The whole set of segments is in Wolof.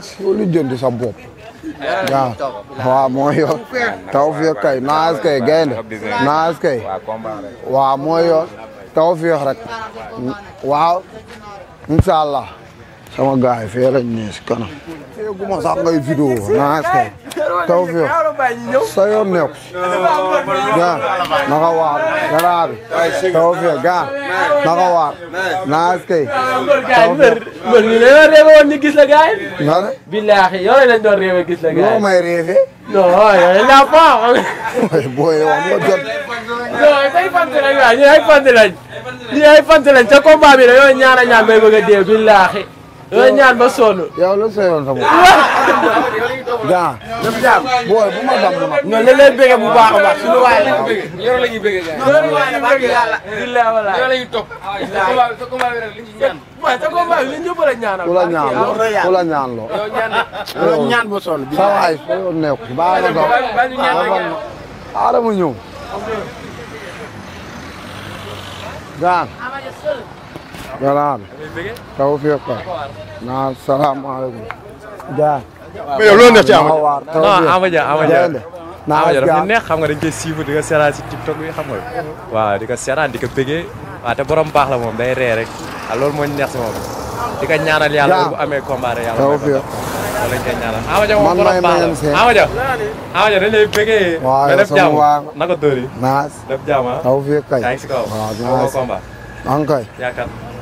soo lijjanti sa bopp. waaw waaw mooy yoon tawfeex kay naas kay gaynde naas kay waaw mooy yoon rek waaw incha allah sama gaay fee lañ si kanam. feegu ma sax ngay vidéo sa yoon nekk gaa naka waar garaa bi taw fi gaa naka waar naa xew taw fi mbër ni la réewe gis la gaay billaahi yooyu lañ doon réewe gis la gaay may réewe non yooyu laa fa la yooyu a dee billaahi loolu ñaan ba sonn. yow loolu sa yoon sama. bu ma damm nag. ñoom dañ lay bëgg bu baax a baax suñu waay la. yor la ñuy bëgg gaa. yor la ñuy la ñuy topp. sa combat la ñaanal. ku la ñaan loo ba sonn. sa waay sa yoon nekk. baax na doon Adama ñëw. gaa. yàlla tawfiq na salaamaaleykum. Dia. mais yow loolu neex ci Ama. waaw non Ama Dia Ama kan Dia. naa dafa neex xam nga dañ koy suivre di ko seeraan TikTok bi xam nga. waaw di ko seeraan di ko bëggee. waaw te borom baax la moom day ree rek. ah loolu moo ñu neex si moom. di ko ñaanal yàlla bu amee combat rek yàlla. tawfiq wala ñu koy ñaanal Ama Dia moom borom baax la Ama Dia. Ama Dia dañ lay bëggee. waaw yow sama waa naka dóor yi. naas def jàmm ah. tawfiq kay. yaa ngi si kaw. waaw dinaa si kaw combat. maa ngi koy. yaakaar.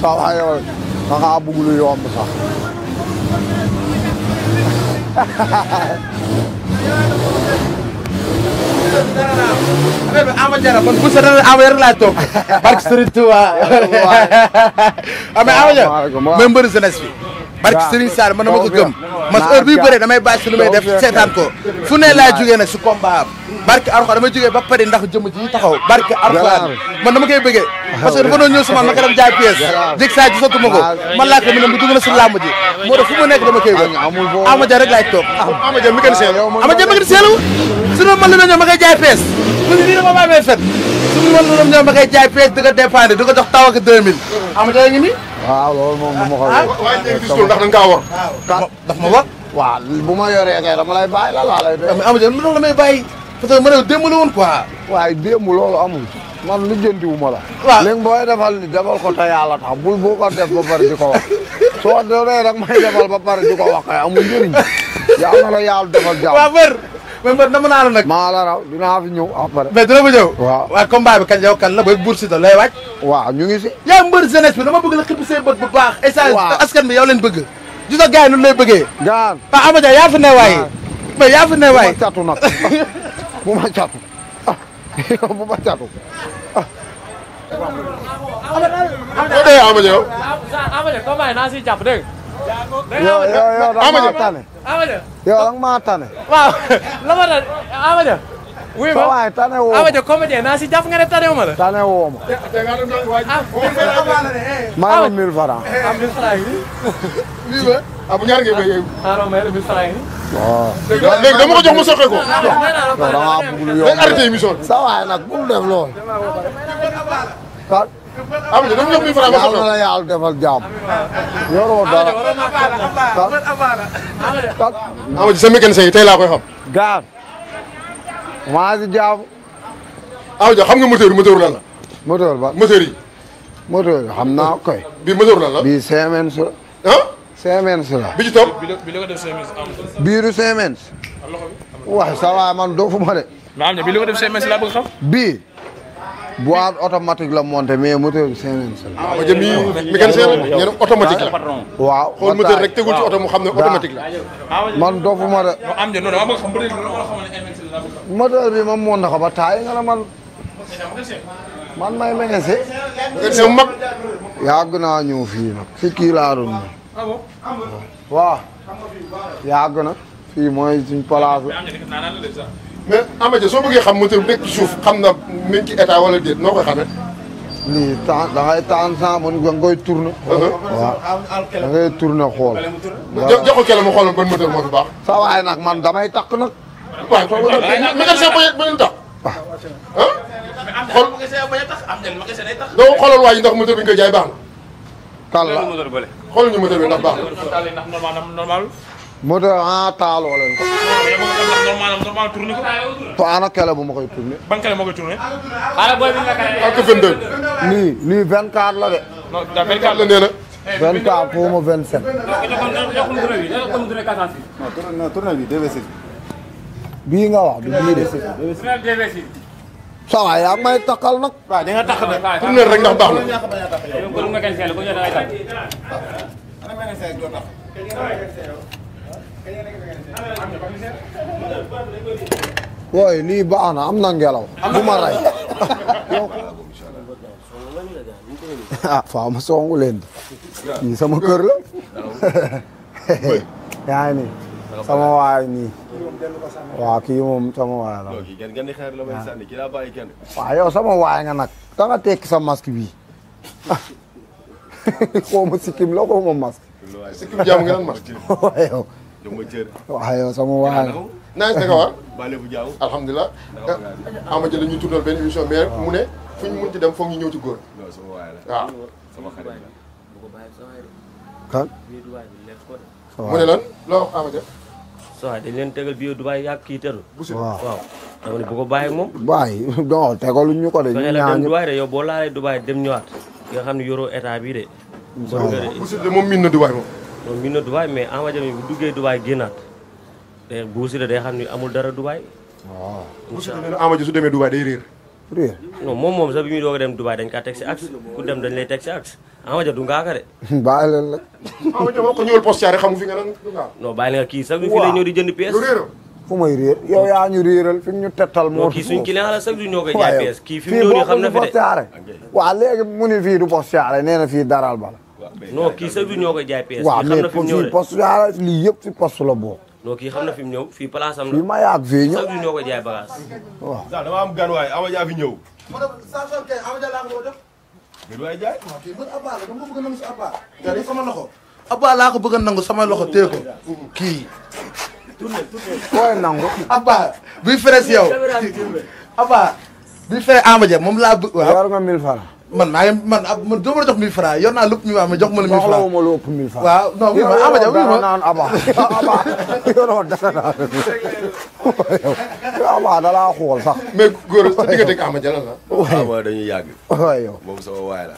saa waay da ngaa bugg lu yomb sax. ama jara man bu sa dana ama yar laa toog barke Serigne Touba ama ama jara mooy mbëru jeunesse bi barke Serigne Sall man dama ko gëm man heure bii bëree damay bàyyi su lu may def seetaan ko fu ne laa jógee nag si combat am barke Alxuraan damay jógee ba pare ndax jëm ji taxaw barke Alxuraan man dama koy bëggee parce que dafa doon ñëw sama naka dem jaay pièce jëg saa ci sottuma ko man laaj ko mu ne mu dugg na si moo tax fu ma nekk dama koy wër Ama Dia rek laay toog Ama Dia mécanicien la Ama Dia mécanicien la sinon man na ñoo ma koy jaay ma koy jaay pièce di ko dépendre di ko jox taw ak 2000 Ama Dia ngi nii waaw loolu ah? bu ma xoolee waaye léegi gis ndax danga kaa war daf ma lay bàyyi la laa lay def Ama Dia lu la may bàyyi parce que ma ne démb la woon quoi waaye démb loolu amul man waaw léegi booy defal ni defal ko te yàlla tax bul boo ko def ba pare di ko wax soo defee rek may defal ba pare di ko wax kay amul njëriñ yàlla na la yàlla defal jàmm. waaw bër mais bër dama naa la nag. maa la raw dinaa fi ñëw après. mais dina ma ñëw. waaw waaw combat bi kañ yow kan ñu ngi yaa mbër jeunesse bi dama bëgg la xëpp say bët bu baax. waaw askan bi yow leen bëgg. gis nga gars yi nu lay bëggee. gaan ah Amathia yaa fi ne waaye. ma catu bu ma caatu Ama Dia yow. Ama naa siy jàpp yow yow yow maa tane. Ama Dia yow da maa tane. waaw la ma wuy ma waaye tane woo ma Awajo comédien naa si jàpp nga ne tane ko jox mu soqe ko. non da ngaa bëgg lu yomb sa waay nag bu def lool. ah. Awajo dama jox 1000 tey laa koy xam. gaar. maa ngi si jaamu. aw ja xam nga moteur bi moteur lan la. moteur ba moteur yi. moteur yi xam naa koy. bii moteur lan la bii semaine su. ah. semaine su la. bi ci topp bi la ko def semaine am. biiru semaine. waaw ça va man dofuma de. mais am na bii li ko def semaine laa bëgg xam. bii. boîte automatique la monté mais moteur bi CNC ah, la. waaw la ne automatique la. waaw xool moteur rek tegul ci oto la. Ah, man dofuma de. am na loolu xam moteur ba taay nga ne man. man may mécanicien. mécanicien bu mag. yàgg naa ñëw fii nag. fii kii laa doon ñëw. Ah waaw. yàgg na. fii mooy suñ place mais Amathia soo bëggee xam moteur bi nekk suuf xam na mi ngi ci état wala déet noo koy xamee. lii temps da ngay temps sans man da nga koy tourné. Uh-huh. waaw da ngay tourné xool. jo jox ko kële mu xooloon ban moteur moo fi baax. saa waay nag man damay takk nag. waaw soo ko defee mécanicien bañ bañu tax. waaw. Ah. xool doo xoolal waa ji ndax moteur bi nga baax na. kàlla xool ñu moteur bi ndax sax maa tourné ko. to ana kele bu ma koy tourné. ban kele moo koy tourné. xaaral booy bi nga kele. ak 22. nii lii 24 la de. non wax du bii de. DV6. ça va yaa may takkal nag. nga takk nag tourné rek ndax baax na. Woi lii baax na am na ngelaw du ma rey ah faaw ma songu leen di sama kër la yaa ngi nii sama waay nii waaw kii moom sama waay la waaw yo sama waay nga nak da nga tekki sa masque bi xaw ma sikkim la xaw ma masque sikkim jam nga naan masque yow jërëjëf Dieng. waaw yow sama waa. naaj na nga war. Balebu Diaw. la ñuy tournal benn émission mais mu ne fu ñu munti dem foog ñu ñëw ci góor. sama waay la sama xarit la. kan. mu ne lan loo wax Amady. waaw dañ leen tegal bio Dubaay yàgg kii tëru. waaw waaw. dama ne bu ko bàyyi moom. waaye non tegaluñ ñu ko de. ñu ñaan Dubaay de yow boo laalee Dubaay dem ñëwaat. nga xam ne yoroo état bi de. moom miin na Dubaay moom. moom miin Dubaay mais Ama Dia mi bu duggee Dubaay génnaat day Bou Siteu day xam ni amul dara Dubaay. waaw Bou Siteu nee na Ama Dia su demee Dubaay moom moom sax bi muy doog a dañ kaa teg si axe ku dem dañ lay teg si axe Ama du ngaaka de. bàyyi leen la. Ama Dia boo ko ñëwal poste xamu fi nga nan du ngaaka. non bàyyi kii sax ñu fi lay ñëw di fi moo kii suñ client la sax du ñoo koy kii fi mu ñëw nii xam na fi de waaw léegi mu ni fii du poste nee na fii daral ba non kii sa du ñoo koy jaay PS. waaw mais fii poste yaa fi poste la kii xam na fi mu ñëw fii place am la. ma yaag fi ñëw. ma ne a nangu si sama loxo. Abba laa ko bëgg a nangu sama loxo téye ko kii. tourné nangu. Abba buy fere si yow. buy fere Amadia moom laa bëgg. waaw war man maa ngi man man doo ma la jox 1000 francs yor naa lépp mi ma jox ma la 1000 francs waaw ma la ëpp 1000 francs waaw ama sax mais góor sa diggante ak ama jala la ama dañuy yàgg waaw yow moom sama waay la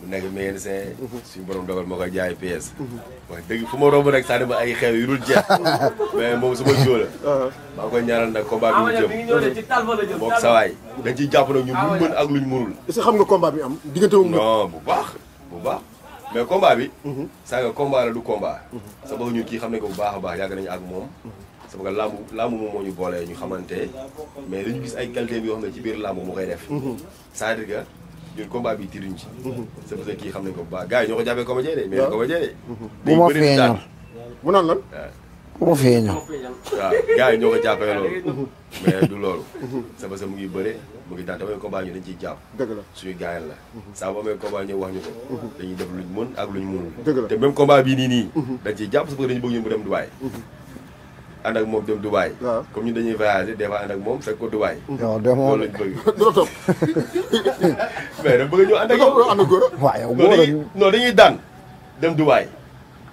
mu nekk mécanicien mhm. suñu borom dogal moo koy jaay pièce wax dëgg fu ma romb rek sànni ma ay xew yu dul jeex mais moom suma joo la ah. maa ngi koy ñaanal nag combat bi ah, ñu jëm ah, ak luñ mënul xam nga combat am diggante wu bu baax bu baax mais combat bi mhm. saa nga combat la du combat mhm. sa bopp xam nañ ko bu baax a baax yàgg nañu ak moom sama que làmb làmb moom moo ñu boolee ñu xamante mais dañu gis ay qualité yoo xam ne ci biir làmb moo koy def cest à ñun combat bi tiiruñ ci. c'est parce que kii xam nañ ko bu baax gars yi ñoo ko jàppee comédien de. mais comédien de. bu ma feeñal mu naan lan. Ah. bu ma feeñal. waaw mhm. bëre mu ngi daan damay combat ñu dañ ciy jàpp. dëgg la suñu gars la. saa boo amee combat ñëw wax ñu ko. Mhm. dañuy def luñ mën ak luñ mënul. dëgg la te même combat nii nii. Mhm. dañ ciy jàpp parce que dañu bëgg ñu mu dem Dubaï. ànd ak moom dem Dubaay. waaw comme ñun dañuy voyager ak moom fekk ko Dubaay. non de moom ñu ànd ak yow. loolu ànd ak góor a. waaw yow góor a ñu dañuy daan dem Dubaay.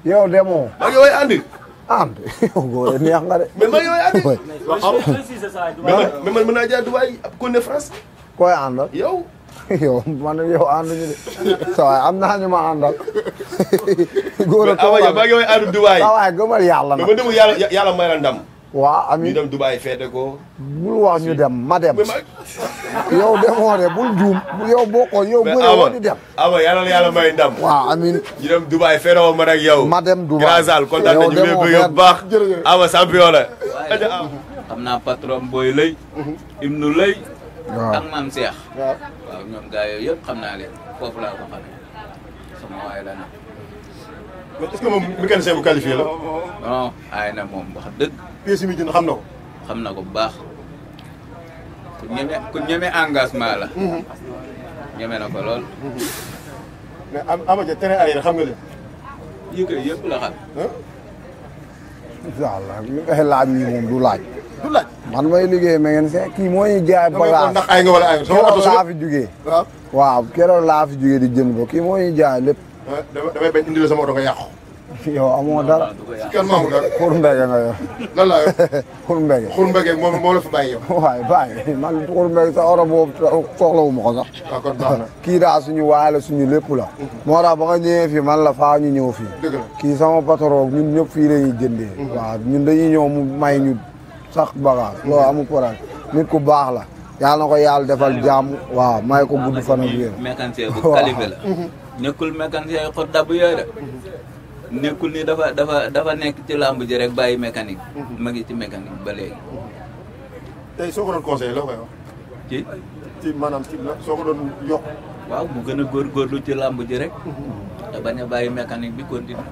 yow de moom. yow góor a neex nga de. mais maa ngi woy ànd. waaw yow. yow man yow ànduñu de sa waay am naa ñu ma àndal. góor a toog la mais awa yow àndu Dubaay. waaw gëmal yàlla na. mais bu demee yàlla may la ndam. waaw amiin ñu dem Dubaay feete ko. bul wax ñu dem ma dem. yow demoo de bul juum yow bokkoo yow. bu yow di dem awa yàlla na yàlla may ndam. waaw amiin. ñu dem Dubaay feete woo man ak yow. ma dem Dubaay grand salle kontaan nañu ñu ngi bu baax. awa champion la. xam naa patron booy lay. Mhm. Ibnu lay. waaw ak maam Cheikh. waaw ñoom gars yooyu yëpp xam na leen foofu laa ko xamee sama waay la nag. mais est-ce que moom mécanicien bu qualifié la. non aay na moom wax dëgg. pièces yi muy jënd xam na ko. xam na ko bu baax ku ñeme ku ñeme engagement la. Mhm. ñeme na ko lool. Mhm. mais am Amathia terrain arrière xam nga leen. yii koy yëpp la xam. incha allah li laaj yi moom du laaj. du laaj man may liggéey mécanicien kii mooy jaay bagage ndax ay jugee waaw waaw keroog jugee di jënd ko kii mooy jaay lépp damay bañ indi la sama oto nga yàqu yow amoo dara kan moom nga xur mbege nga waaye ah, la suñu lépp la mhm. moo tax ba nga ñëwee fii man la faa ñu ñëw fii kii sama patron ñun ñëpp fii la jëndee mhm. waaw ñun dañuy ñëw mu may ñu sax bagage loolu amu problème nit ku baax la yàlla na ko yàlla defal jàmm waaw may ko gudd fan ak yéen bu qualifié la mhm. nekkul mécanicien yu xot dabb ni dafa dafa dafa nekk ci làmb ji rek bàyyi mécanique mhm. ma ngi ci mécanique ba léegi mhm. tey soo ko doon conseillé ci ci soo ko yokk waaw mu gën a góorgóorlu ci làmb ji rek bañ a bàyyi mécanique bi continue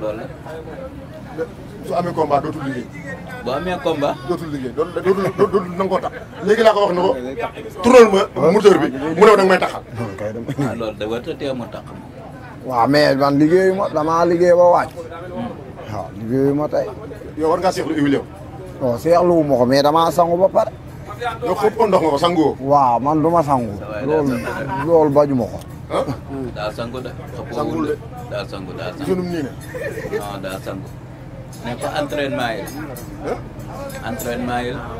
loolu la so amee combat dootul liggéey. bu amee combat. dootul liggéey dootul léegi laa ko wax ne ko tural ma moteur bi mu ne da nga a teel ma tax. waaw mais man liggéeyu ma damaa liggéey ba waaj. waaw liggéeyu ma tey. yow war ngaa seexlu huile mais damaa sangu ba pare. yow xëpp ndox nga ko sangu waaw man du sangu. loolu loolu baju ne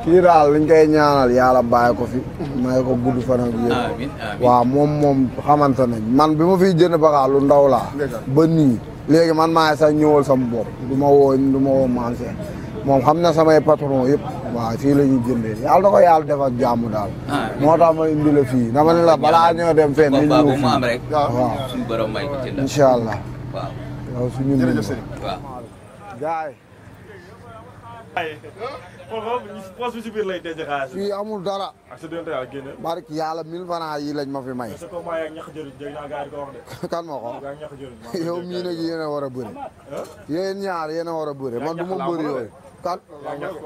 kii daal liñ koy ñaanal yàlla bàyyi ko fi. may ko gudd fan ak yéen. waaw moom moom xamante nañ man bi ma fi jënd bagaas lu ndaw laa. ba nii léegi man maa sax ñëwal sama bop du ma woo du ma woo man moom xam na samay patron yëpp. waaw fii la ñuy jëndee yàlla na ko yàlla defal jàmm daal. moo tax ma indi la fii dama ne la balaa ñoo dem fenn. ñu fii waaw waaw. incha allah. waaw gaay poche biir lay denc amul dara. accident yàlla génne. barki yàlla mille francs yi lañ ma fi may. kan ma ko wax. yow mii nag yéen a war a bëri. yéen ñaar yéen a war a du ma bëri yooyu. kan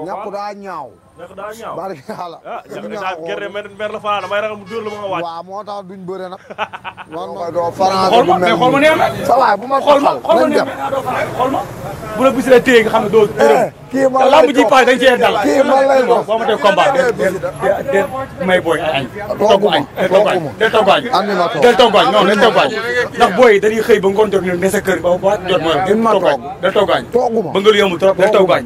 ñàkk daa ñaaw. nekk daa ñaaw barki yàlla mer mer la faana may ragal mu dóor lu nga waaj waaw moo tax duñ bëre nag non non do faran bu Kira xool ma neex sa waay bu ma xool ma xool ma neex do faran xool ma bu la bisee téye nga xam ne doo tërëm kii ma lamb ji paay dañ cee dal kii ma lay do boo ma tey combat de may booy añ togg añ togg añ del togg añ del togg añ non del togg añ ndax booy dañuy xëy ba ngoon jot ñu ne sa kër ba ba jot mooy del togg añ del togg añ ba nga lu yomb trop del togg añ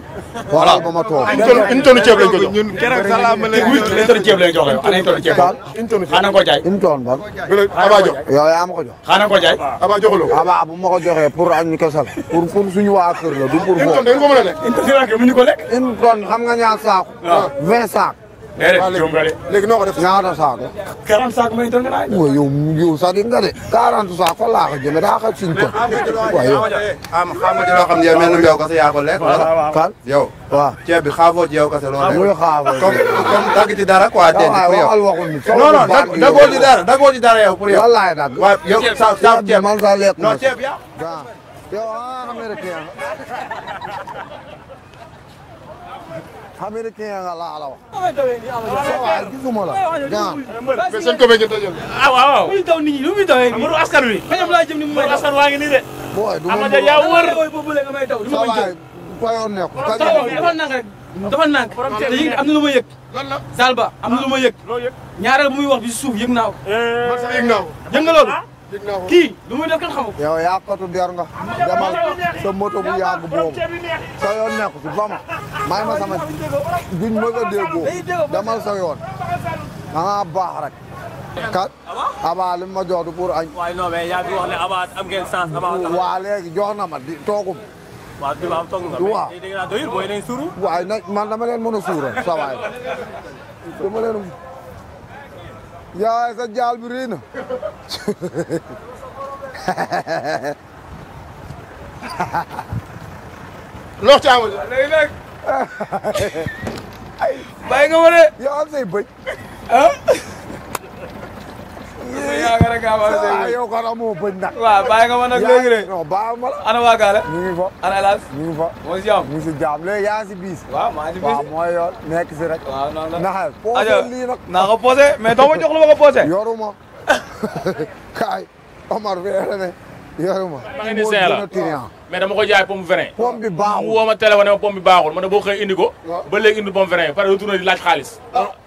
voilà jox ñun keroog salaamaaleykum. une tonne ceeb lay jox yow ana une tonne ceeb. une tonne xanaa nga ko jaay. une tonne ban. abaa jox yow yaa ma ko jox. xanaa nga ko jaay. abaa joxuloo ko. abaa bu ma ko joxee pour añu kese la. pour pour suñu waa kër la du pour. une tonne dañ ko mën a lekk. une tonne xam nga ñaar saako. Ah. vingt saako. léegi noo ko def ñaata saako. 40 saako may jënd naa. mooy yow yow sax di nga de. 40 saako laa ko jënd daa ko suñ ko. waaye yow. na yow kese yaa ko lekk. ceeb bi xaafoo ci yow kese loo lekk. muy xaafoo comme comme dagg ci dara quoi. denc pour yow non non daggoo ci dara daggoo ci dara yow pour yow. wallaay dagg waaw yow sa sa ceeb man sa lekk. américain nga laa la wax. waaw gisuma la. jaa mais seen ko ngeen dajal. ah waaw. muy daw nit ñi lu muy dawee. amul askan wi. kañam laa ni mu may askan waa ngi nii de. booy du ma Amady yaa wër. saa waay bayoon ne ko. dafa nànk rek am na lu ma yëg. lan la Salba am na lu ma yëg. ñaareel bu muy wax bi si suuf yëg naa ko. man eh. sax nga loolu. kii lu muy def der nga. demal sa moto bu yàgg boobu. sa yoon nekku si ba ma. may ma sama duñ mës a déggoo demal sa yoon. ah baax rek. kat abaa ma jox du pour añ. waaye non mais yaa ma di toogum. waaw man dama leen mën a suural yaay essa jaal bi rëy na loox ci amul léegi nag ay bàyyi nga yaa ngi rek a yow kon amoo bëñ nag. waaw bàyyi nga ma nag léegi de. non baax ma la. ana waa Gaale. ñu ngi fa ana Elas. ñu ngi fa. moo si jàmm. mu ngi si jàmm léegi yaa ngi si biis. waaw maa ngi si biis waaw mooy yoon nekk si rek. naa ko posé mais dama jox la ma ko posé. yoruma kaay Omar fee ne yoruma. maa ngi ni seen la mais dama jaay pomme vrin. pomme bi baaxul mu woo ma téléphone bi baaxul ma ne di laaj xaalis ah.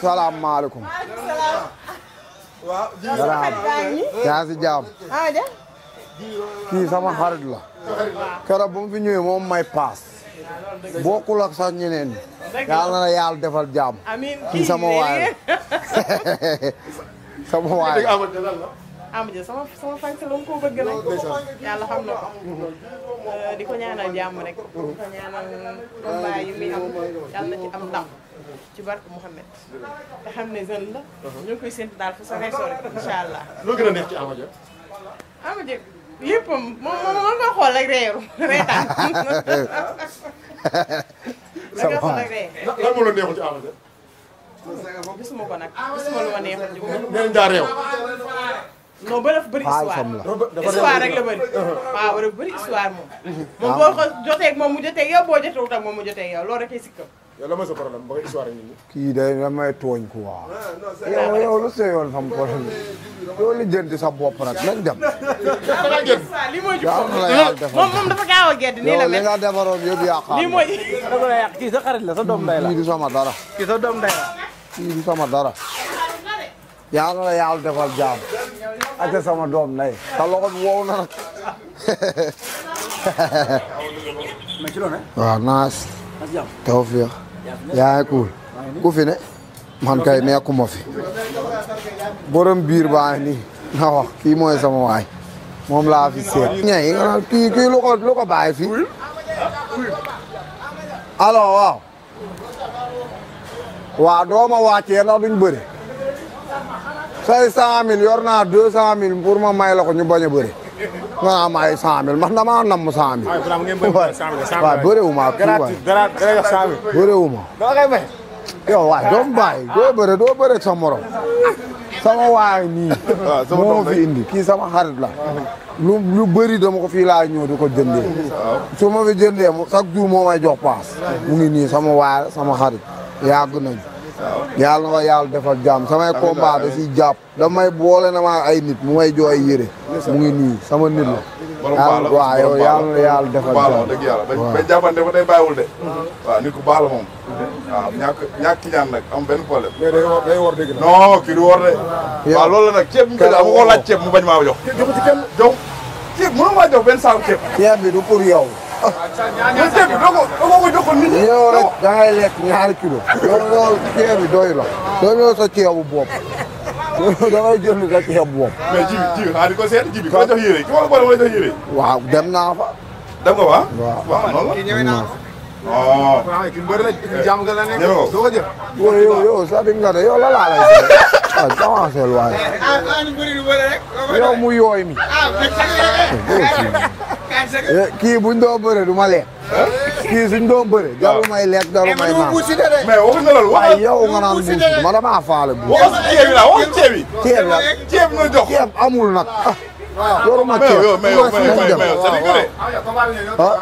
salaam waaw yaa ngi si jaam. kii sama xarit la. keroog ba mu fi ñëwee moom may bokkul ak sax ñeneen ñi. yàlla na yàlla defal jaam. kii sama waay sama waay la. Amady sama sama fan ko bëgg nag yàlla xam di ko ñaanal jàmm rek. di ci barke Mouhamed. te xam ne jeune la. Uh-huh. ñu ngi koy séntu daal fu sa sori incha allah. loo gën a neex ci Ama Dia. Ama Dia léppam moom moom mën nga xool rek reeru reetaan. da nga la neexul ci Ama Dia. gisuma ko nag gisuma lu ma neexul ci moom. nee nañ daa reew. non ba dafa bëri histoire histoire rek la bëri. Uh-huh. waaw dafa bëri histoire moom. mu jotee ak yow boo jotewut ak moom mu jotee ak yow loolu rek ay sikkam. yow la ma sa problème ba kii day damay tooñ quoi. Ah, yow yow lu see yoon xam problème yow sa bopp nag nañ dem. li mooy ci moom a gedd la mel. yow li kii sa xarit la sa doom day la. kii du sama dara. kii sa doom day la. kii du sama dara. yàlla la yàlla defal doom nay. te loxo bi wow na nag. ma naas. tawfiq. yaa kuul ku fi ne man kay nekkuma fi borom biir baa ni na wax kii mooy sama waay moom laa fi seet ñay kii kii lu ko lu ko fi alo waaw waaw dooma wàccee ndax duñ bëri cinq cent mille yor naa deux cent mille pour ma may la ko ñu bañ a nga naa ma ay cent mille ndax damaa namm cent mille. waaw bëre wu ma. gratuite bëre wu ma. yow waay ah, doo bàyyi ah. doo bëre doo bëre sa sama waay nii. Ah, moo fi indi kii sama xarit la. lu bëri dama ko fii laa ñëw di ko jëndee. su ma fi jëndee chaque jour moo may jox paas. mu ngi nii sama waay sama xarit yàgg nañu. yàlla na ko yàlla defal sama samay combat da si jàpp damay boole na maa ay nit mu may ay yére mu ngi nii sama nit waa yàlla waaw yow yàlla na yàlla defal jàmm dëgg yàlla ba jàppante ba day moom waaw ñàkk ñàkk ñaan nag am benn problème day war dëgg non de waaw loolu la nag ceeb mu ma ko laaj ceeb mu bañ maa jox jox ceeb mënu maa jox benn saaku ceeb ceeb du pour yow yow rek lekk ñaari kilo. loolu loolu ceeb bi doy la. doy la sa ceebu bopp. da ngay jënd ceebu bopp. mais ji bi ji bi xaaral di waaw dem naa fa. dem nga fa. waaw waaw la kii ñëwee naa fa. Oh. waaw waaw la nekk. nga de yow mu yooy mi. Ah, Eh, kii bu doo bëre du ma lekk. kii suñ doo bëre. waaw jarul may lekk jarul may eh, naan mais waxuñ la ma damaa faale buusi. waxuñ ceeb la waxuñ yi. ceeb la ceeb nga jox ceeb amul nag. Ah, waaw yoruma ceeb ah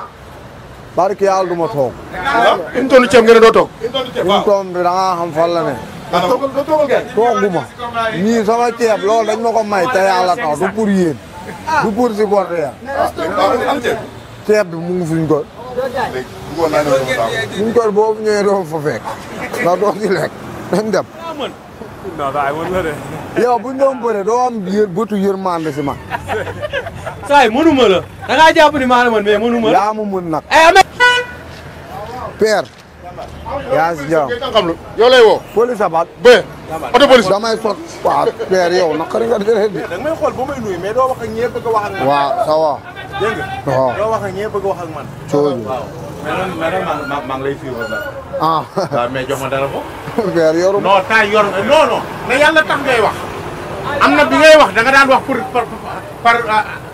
barke yàlla du ma toog. ah une tonne ceeb ngeen doo toog. une tonne bi ah, ceeb loolu dañ ma ko may te yàlla tax du pour yéen. du ah. pour supporter ya ah, ceeb bi mu ngi suñ ko suñ ko boobu ñëwee doo fa fekk doo ci lekk dañ dem yow bu ñu doon bëree doo am yër bëtu yërmande si man saay mënuma la da ngaa jàpp ni maa la mën mais mënuma yaa ma mën nag eh, père yaa si jàmm yow lay woo. police abat. bee oto police. damay sot waaw père yow naqari nga déedéet bi. da nga may xool ba may nuyu mais doo wax ak ñëpp bëgg a wax ak man. waaw ça va. dégg nga. waaw doo wax ak ñëpp bëgg a wax ak man. coono waaw. mais nag maa maa ngi lay suivre nag. ah. waaw mais jox ma dara ko. père yoru. non temps yor na non non. mais yàlla tax ngay wax. am na bi ngay wax da nga daan wax pour par par. Ah,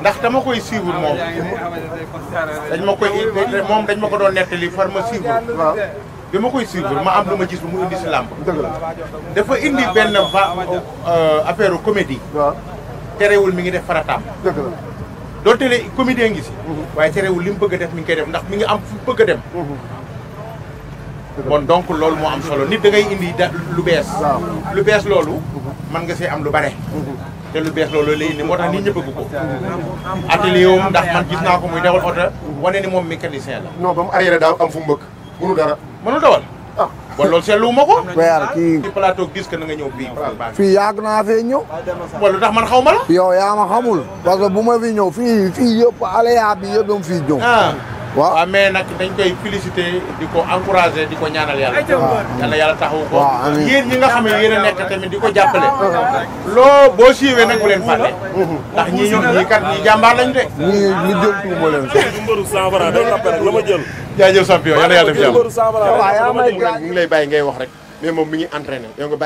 ndax dama koy suivre moom dañ ma koy moom dañ ma ko doon nettali far ma suivre. waaw bi ma koy suivre ma am lu ma gis lu mu indi si làmb. dafa indi benn va euh, affaire comédie. waaw terewul mi ngi def farataam. dëgg la doonte ne ngi si. Mhm. waaye terewul li mu bëgg def mi ngi koy def ndax mi ngi am fu bëgg dem. Mhm. bon donc loolu moo am solo nit da ngay indi lu bees. lu bees loolu. man mhm. nga see am lu bare. te lu bees loolu lay indi moo tax nit ñi bëgg ko. atelier wu ndax man gis naa ko muy dawal oto wane ni moom mécanicien la. non ba mu arrière daaw am fu mu bëgg mënu dara. mënu dawal. ah bon loolu ma ko. weer kii ci plateau disque na nga ñëw fii. Ah, fii yàgg naa fee ñëw. tax man xaw ma la. ma xamul. parce que bu ma fi ñëw fii fii yëpp aléa bi yëpp dama fiy ñëw. Ah. waaw waaw nag dañ koy féliciter di ko encourager di ko ñaanal yàlla. yàlla yàlla taxawu ko. yéen ñi nga xam ne yéen a nekk tamit di ko jàppale. loo boo siiwee nag bu leen fàtte. ndax ñii ñoom ñii kat ñii jàmbaar lañ de. ñii ñu jël tuuma moo leen fekk. mbëru 100 francs day la ma bàyyi ngay wax rek mais moom mi ngi entraîné yow nga